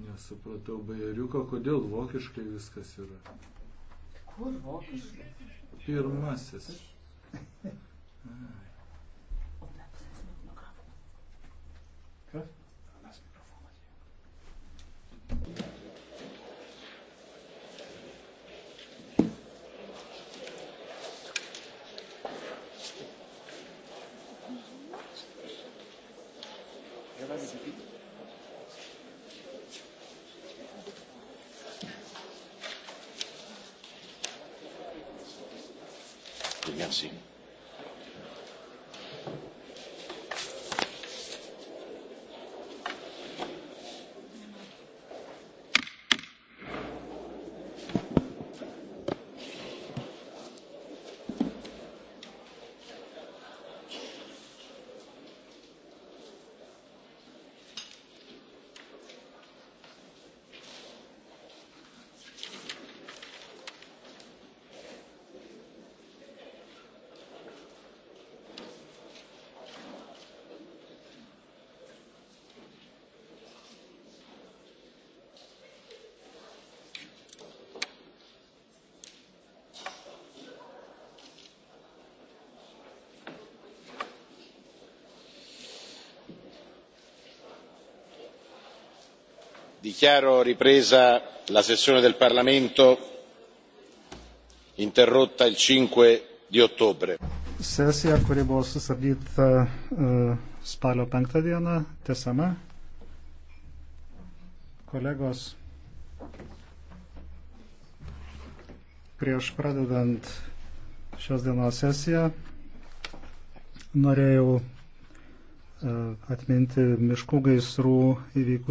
Nesupratau, bajeriuko, kodėl vokiškai viskas yra. Kur vokiškai? Pirmasis. Ai. Gracias. Merci. dichiaro ripresa la sessione del parlamento interrotta il cinque ottobre. sesija kuri buvo sustabdyta e, spalio penktą dieną tęsiama. kolegos prieš pradedant šios dienos sesiją norėjau e, atminti miškų gaisrų įvykusių